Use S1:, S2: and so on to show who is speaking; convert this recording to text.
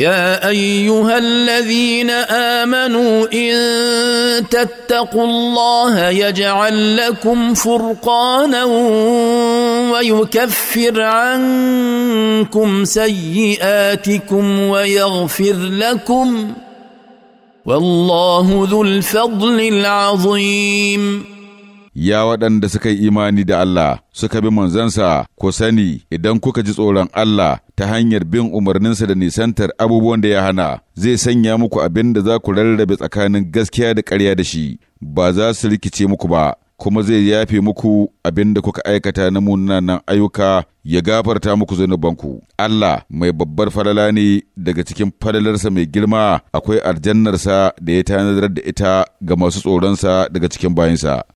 S1: يا ايها الذين امنوا ان تتقوا الله يجعل لكم فرقانا ويكفر عنكم سيئاتكم ويغفر لكم والله ذو الفضل
S2: العظيم
S3: Ya waɗanda suka yi imani da Allah, suka bi manzansa, ku sani idan kuka ji tsoron Allah ta hanyar bin umarninsa da nisantar abubuwan da ya hana, zai sanya muku abin da za ku rarrabe tsakanin gaskiya da ƙarya da shi, ba za su rikice muku ba. kuma zai yafe muku abin da kuka aikata na munanan ayyuka ya gafarta muku zunubanku. Allah mai babbar falala ne daga cikin falalarsa mai girma akwai aljannarsa da ya tanadar da ita ga masu
S4: tsoronsa daga cikin bayansa.